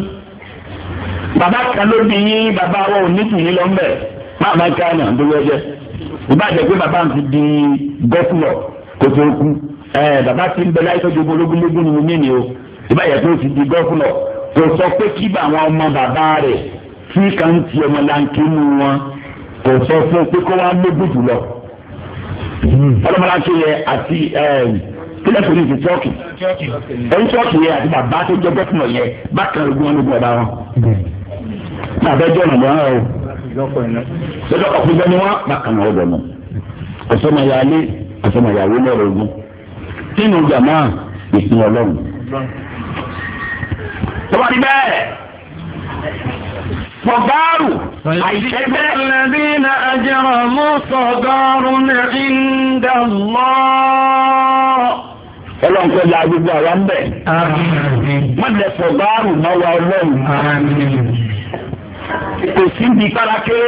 [SPEAKER 2] bàbá kan ló bí yín bàbá wa ò ní tìyín lọ mbẹ máa máa ká ẹnà tó wẹjẹ ìbá jẹ́ pé bàbá ti di gọfúlọ kó tó kú ẹ bàbá ti ń bẹ láyé tọ́jú ológúnlógún ni mo mí ni o ìbá jẹ́ pé ó ti di gọfúlọ kò sọ pé kí bá ọmọ bàbá rẹ̀ tí kà ń ti ọmọ lanke mu wọn kò sọ fún pé kó wá lójú jùlọ hmm. ọlọmọ lanke yẹ àti eh, kílẹ̀ pẹ̀lú ìfi tọ́ọ̀kì ẹ̀yìn tọ́ọ̀kì yẹ àti bàbá tó jẹ́ gọ́fúnà yẹ bákan ogun wọn ló hmm. gbọ́dọ̀ wọn. àbẹ́jọ́ ọ̀nà lọ́wọ́ o lọ́jọ́ ọ̀pọ̀jọ́ ni wọ́n bákan ọ̀rọ̀ bọ̀ nù ọ̀sọ́mọyàlé ọ̀sọ́mọyàwó lọ́rọ̀ ogun nínú jàmá ìpín ọlọ́run. tọ́wọ́ ni bẹ́ẹ̀. صغار فاجتبى الذين أجرموا صغار عند الله ọlọ́run kọ́ la gbogbo àwa ń bẹ̀. wọ́n lẹ fọ̀gbárù mọ́ wa ọlọ́run. kò sí ń di káraké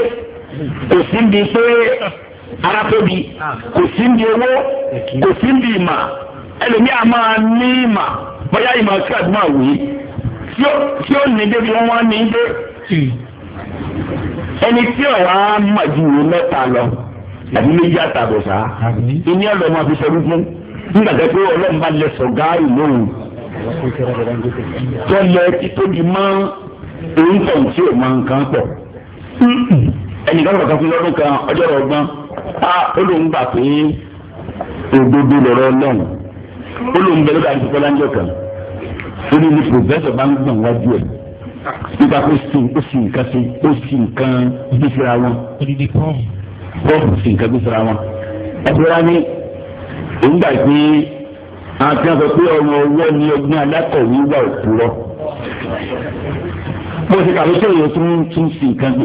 [SPEAKER 2] kò sí ń di pé ara tóbi kò sí ń di owó kò sí ń di ìmà ẹlòmíà máa ní ìmà bóyá ìmà sí àdúmọ̀ àwòyí tí ó ní débi wọn wá ní dé ẹni tí ọ̀ wá mọ̀ ju ìwé mẹ́ta lọ àbí méjì àtàbọ̀ sá ìní ọ̀rọ̀ máa fi sọdún fún nígbà tó pé ọlọ́run bá lẹ sọ̀gáàrì lóhùn tó lẹ títóbi mọ́ èyí tó ń tí ò máa nǹkan pọ̀ ẹnìkan kọ̀ọ̀kan fún lọ́dún kan ọjọ́ ọgbọ́n ó lóun gbà pé òdodo lọ́rọ̀ ọlọ́run ó lóun bẹ̀rẹ̀ bá ń tukọ́ láńjọ́ kan ó ní ní pòfẹ́sọ̀ bá ń gbọ̀n wájú ẹ̀ nípa kó sì ó sì nǹkan sí ó sì nǹkan gbé síra wọn. odidi pọ́ọ̀mù. pọ́ọ̀mù sì nǹkan gbé síra wọn. ẹgbẹ́ wa ní ìgbà pé àwọn tí wọ́n sọ pé ọ̀rọ̀ ọwọ́ ni ọgbọ́n alákọ̀wé wà òpùrọ̀. mo ti kàwé sọ̀rọ̀ yóò tún tún sí nǹkan gbé.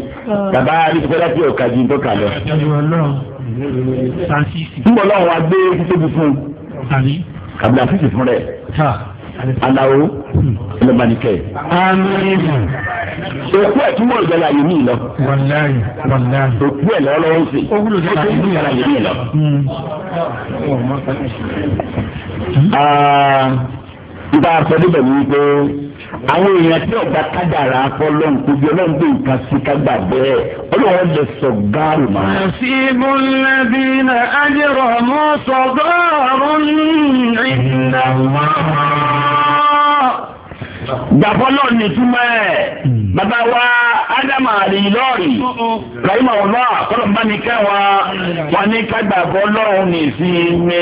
[SPEAKER 2] bàbá arísíkọ́lá tí ọ̀ka jí tó kà lọ. ń bọ̀ lọ́wọ́ wa gbé títí fún un. kàbílà fífi fún rẹ̀ aláwo ẹlẹ́mánìkẹ́. òkú ẹ̀ túmọ̀ ìjọba yìí mí lọ. òkú ẹ̀ lọ́wọ́lọ́wọ́ ń sè. ó wúlò sí àyè mí lọ. mí hmm. lọ. Ah, ibà sọdí bẹ̀rù wípé àwọn èèyàn tí ọ̀gá kádàrà afọlọ́n kojú ọlọ́run nǹkan sí kágbà bẹ́ẹ̀ ọlọ́run lè sọ gáàrù mọ́. àṣìbò lẹ́bí na ájẹrọ mọ́ sọ gáàrù ìdá wọn. gbàfọ́lọ́ ní túmọ̀ ẹ̀ hmm. bàbá wa ádámà rí lọ́ọ̀rì rahima ọlọ́ àkọlọ́mbá ní kẹwàá wọn ní kágbà fọ́lọ́run ní ìsinmi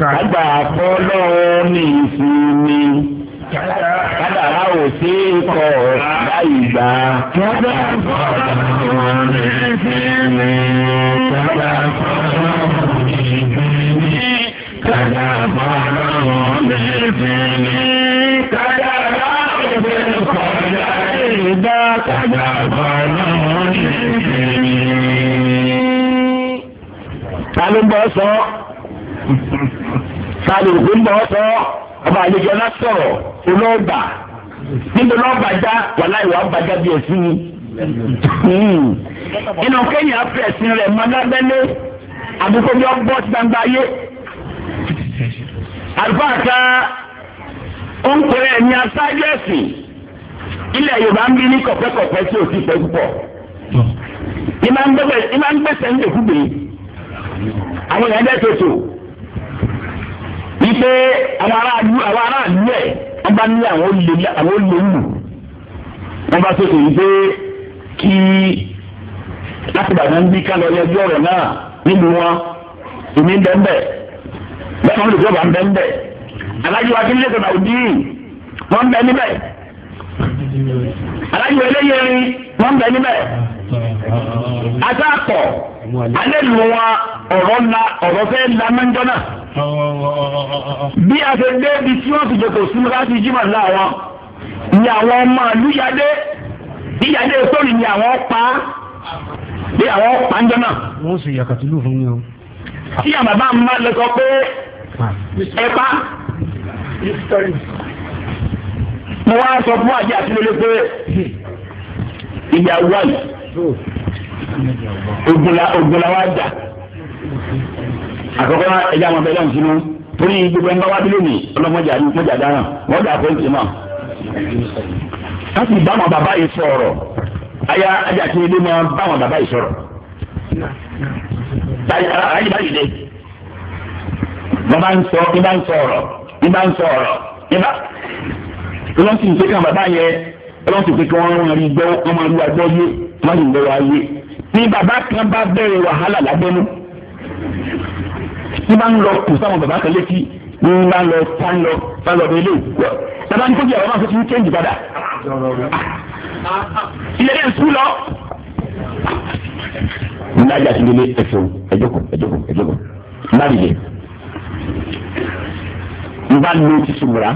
[SPEAKER 2] kágbà fọ́lọ́run ní ìsinmi kádàrá ò sí kọ láì gbà. kádàrá fọlọ́ mi sí mi fọlọ́ mi sí
[SPEAKER 1] mi fọlọ́ mi sí mi kádàrá ò sí kọ fọlọ́ mi sí
[SPEAKER 2] ta ló ń bọ́ sọ? ta ló ń bọ́ sọ? ọba àlejò ọlá sọ̀rọ̀ olóògbà níbi olóògbàjá wàhálà ìwà ọgbàjá bíi ẹ̀sìn ni hmm. inú kẹ́yìn afẹ́ ẹ̀sìn rẹ̀ mọ lábẹ́lé àbúkọ́ bí ọgbọ́ ti gbangba ayé àlùfáà ká ó ń pèrè ní aṣáájú ẹ̀sìn ilẹ̀ Yorùbá ń bí ní kọ̀pẹ́kọ̀pẹ́ tí ò sí pẹ́ púpọ̀ ìmá ń gbèsè ń lè kúgbe àwọn èèyàn dẹ́ tètè. pé àwọn aráàlú àwọn aráàlú ẹ̀ wọ́n bá ní àwọn olè àwọn olè wù wọ́n bá tètè yí pé kí láti bàtà ń bí ká lọ náà nínú wọn èmi ń bẹ́ẹ̀ lè ń alájú wa sọ̀tà òdì níbẹ̀ alájú níbẹ̀ alẹ́ lu wọn ọ̀rọ̀ fẹ́ bí a ṣe dé ibi tí wọ́n ti jòkó sí láti jimá láwọn ni àwọn ọmọ àlúyadé ìyadé sórí ni àwọn pa bí àwọn pa ń jọ náà. wọ́n sì yàkàtí lù fún mi o. tí àwọn bàbá mi máa lọ sọ pé ẹ pa mo wá sọ fún àjẹ àtúndélé pé ìyàwó àyè ogun la wá jà àkọ́kọ́ ẹja àwọn abẹ́lẹ́ ọ̀hún sínú torí gbogbo ẹni bá wá bílẹ̀ mi ọlọ́mọdé àdúgbò mọ́jà dáràn wọ́n dà fún ìtìmọ̀. káfí bá wọn bàbá yìí sọ̀rọ̀ aya ajá tí ilé máa bá wọn bàbá yìí sọ̀rọ̀. ayé báyìí dé bàbá ń sọ ibà ń sọ̀rọ̀ ibà ń sọ̀rọ̀ ibà ọlọ́sì ń pè kí wọn bàbá yẹ ọlọ́sì pé kí wọ́n rán rí gbọ́ wọ́n máa rú agbọ́ ní bá ń lọ kù sáwọn bàbá kan létí ní bá ń lọ tá ń lọ bá ń lọ bẹ́ẹ̀ lé bàbá ní kókè àwọn máa fi kéńjì padà ilé ẹ̀ sùn lọ. nná yà sí lélẹ̀ ẹ̀fọ́ ẹ̀jọ̀kọ̀ ẹ̀jọ̀kọ̀ ẹ̀jọ̀kọ̀ nná rí lẹ̀ n bá lo ti sùnmùrà.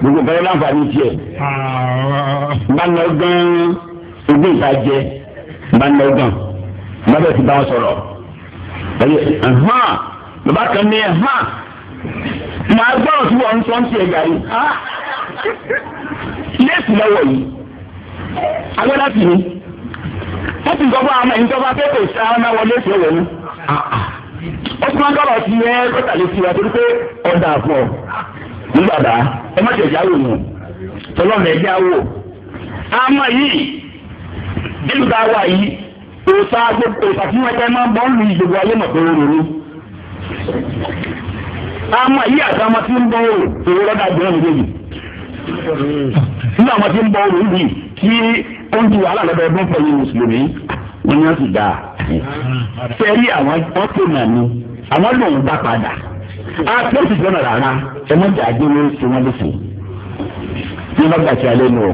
[SPEAKER 2] gbogbo bẹ́ẹ̀ láǹfààní tiẹ̀ n bá lọ gan-an ogún ìta jẹ n bá lọ gan-an n bá bẹ̀ ti bá wọn sọ̀rọ̀. hàn bàbá kan ní hàn màá gbọ́dọ̀ tí wọ́n ń sọ ń tiẹ̀ léèsì lọ́wọ́ yìí sì ni wọ́n ti gbọ́ sáà náà wọlé ní. ó máa ń sí torí pé ọ̀dà àpọ̀ ẹ má tọ́lọ́mọ ẹ̀jẹ̀ àwò. àmọ́ yìí a yìí òòtá gbogbo ìfàfihàn ẹgbẹ́ máa ń bọ́ lu ìgbogbo ayé mọ̀ tó àmọ́ yí àti ọmọ tí ń bọ òòrò èrò lọ́dà jẹ́ ọ̀rọ̀ méjèèjì. ma àwọn tí ń bọ òòrò yìí kí oúnjẹ wàhálà lọ́dọ̀ ẹgbẹ́ pẹ̀lú mùsùlùmí wọn ni wọ́n sì dáa. sẹ́rí àwọn ọ̀tún náà ni àwọn lòun bá padà. àti ó sì rárá lóṣù.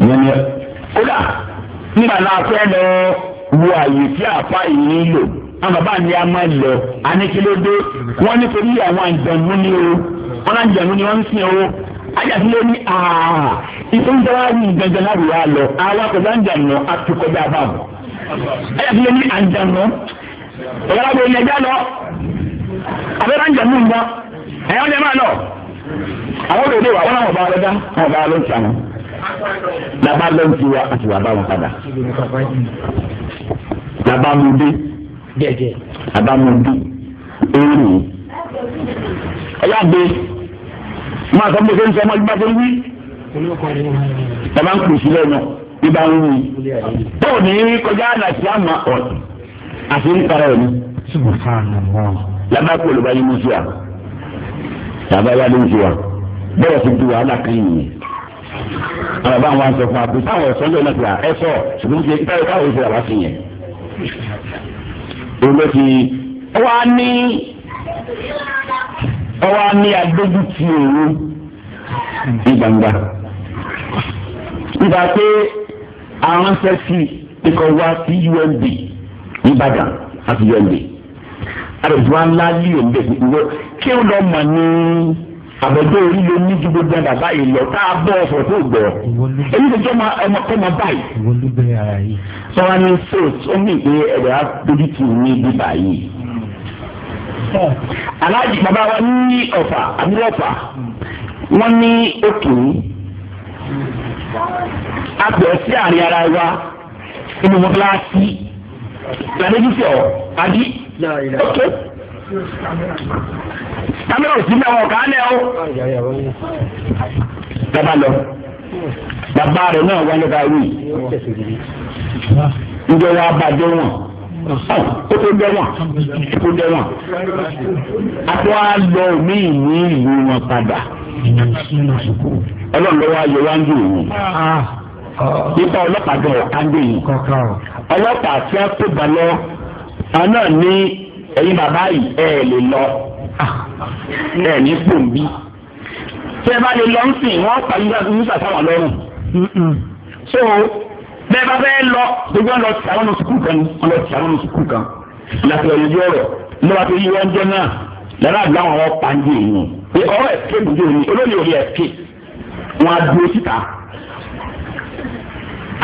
[SPEAKER 2] ní gbà ńgbà la fẹ́ lọ wo àyè tí àfa yìí nílò àwọn bàbá mi a máa lọ anikilode wọn nítorí àwọn àjẹmú ni o wọn àjẹmú ni wọn ń sìn o ajásí ló ní àà ìfún ìjọba yìí gangan láti lọ àwọn akọ̀dá àjẹmú àtúkọ̀dá
[SPEAKER 1] àbáwọ̀
[SPEAKER 2] ló ní àjẹmú lọ ń ẹ̀yọ́ ni máa lọ àwọn òdòdó làbá lọ sí wa àti wà bá wọn padà làbá mu dé làbá mu dé èrè ẹ̀yà dé máa sọ pé sẹ́ńsọ́ ọmọ ìgbà tó ń wí làbá ń kù sílẹ̀ ń wí tó ní kọjá àlàsí àmà ọ̀tún àti ń para ẹ̀ ní. làbá kú olùbáyé mú sí wa làbá yá ló ń sí wa bẹ́ẹ̀ sì ti wàhálà kan yìí àwọn bá wọn sọ fún abúlé táwọn ẹ̀sọ́ lónìí ti à ẹ sọ ṣùgbọ́n ṣe táwọn táwọn ìṣe àwa sí yẹn. òun ló ti wá ní wá ní adójútì òru ní gbangba. ìgbà pé àwọn sẹ́sì ikọ̀ wá sí UNB Ìbàdàn àti UNB. àdùnnú ńlá lè ń bẹ̀ kí wọ́n lọ́ọ́ mọ̀ ní àbẹ̀tẹ̀ orí ló ní ju gbogbo ẹ̀ bàbá yìí lọ tá a bọ̀ ọ̀fọ̀ tó gbọ̀ èyí ló jẹ́ ọmọ ọmọ báyìí. sọ́wọ́n ní sèche ó mì pé ẹ̀rọ apẹ́lítì ní bíbá yìí. aláàjì bàbá wa ní ọ̀fà àbúrò ọ̀fà wọ́n ní òkè abẹ́ sí àárín ara wa inú mọ́tíláàsì làdéjúfẹ́ ọ̀ adí Okay kámẹ́rà ò sí mẹ́wọ̀n ká lẹ́ o. bàbá lọ bàbá rẹ̀ náà wọlé bá wí. ǹjẹ́ wàá bàjẹ́ wọn ó tó dẹ́wọ̀n ó tó dẹ́wọ̀n àti wàá lọ mí ní ìlú wọn padà ọlọ́run ló wá yọ wáńjú òun ipa ọlọ́pàá gan ọ̀ká dé yìí ọlọ́pàá tí wọ́n tó bá lọ àná ní ẹ̀yin bàbá yìí ẹ̀ lè lọ ẹ̀ ní pòǹbí tẹ́ bá lè lọ ń sìn wọ́n pa sáwọn lọ́rùn so bẹ́ẹ̀ bá fẹ́ lọ gbogbo ọ̀nà ti àwọn sukùl kan ọ̀nà ti àwọn sukùl kan láti ọ̀yẹ́jú ọ̀rọ̀ ní wàá fi yí wọ́n jẹ́ náà lára àgbà wọn wọ́n pàǹdé yìí pé ọ̀rọ̀ ẹ̀ké gbogbo òní olóyè òní ẹ̀ké wọn á síta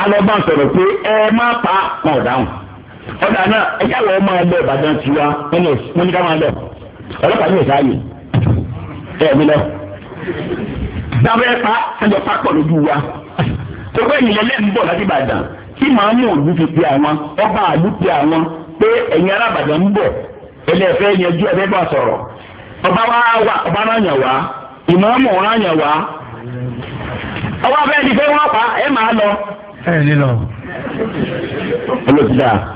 [SPEAKER 2] alọ́gbọ́n sọ̀rọ̀ pé ẹ má pa wọn ò dáhùn. ọ̀dà náà ẹ̀jẹ̀ ọmọ ẹgbẹ́ ìbàdàn tiwa wọ́n ní ká máa lọ ọlọ́pàá ní ìsáyè ẹ̀ mi lọ. dábẹ́ pa ẹjọ́ pápọ̀ lójú wa gbogbo ènìyàn lẹ́nu bọ̀ láti ìbàdàn tí fi pe àwọn ọba àlù pe àwọn pé ń bọ̀ ẹlẹ́fẹ́ ẹ̀fẹ́ bá sọ̀rọ̀ ọba wa ọba náà yàn wá ìmọ̀ọ́mọ̀ wọn yàn wá ọwọ́ fẹ́ wọ́n pa lọ.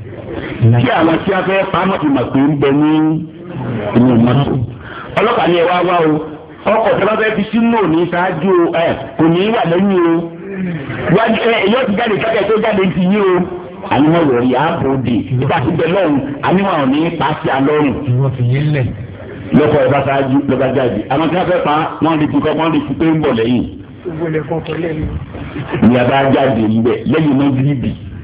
[SPEAKER 2] kí àwọn a fẹ́ pamọ́ ti mọ̀ pé ń bẹ ní inú mọ́tò ni ẹ wá wá o ọkọ̀ tí a fẹ́ o wájú ẹ ti jáde tó jáde ti yí o àníwọ̀n yà á bò nípa ti bẹ àníwọ̀n ò ní pa sí alọ́rùn. lọ́kọ̀ bá ṣáájú ló bá jáde àwọn tí wọ́n fẹ́ pa wọ́n lè ti kọ́ wọ́n lè ti pé ń bọ̀ lẹ́yìn. ìyá bá jáde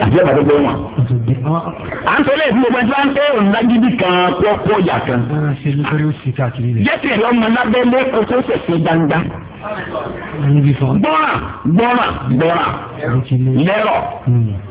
[SPEAKER 2] àti ẹ̀ka tó gbé wọn. à ń tẹ́lẹ̀ ìfún gbogbo ẹ̀ka ń tẹ́ ọ̀nàgídí kan kó kó yà kan. jẹ́sí ẹ̀rọ ọmọ lábẹ́lé kókó sẹ̀sẹ̀ gbangba.
[SPEAKER 1] gbọ́ràn gbọ́ràn gbọ́ràn lẹ́rọ̀. Hmm.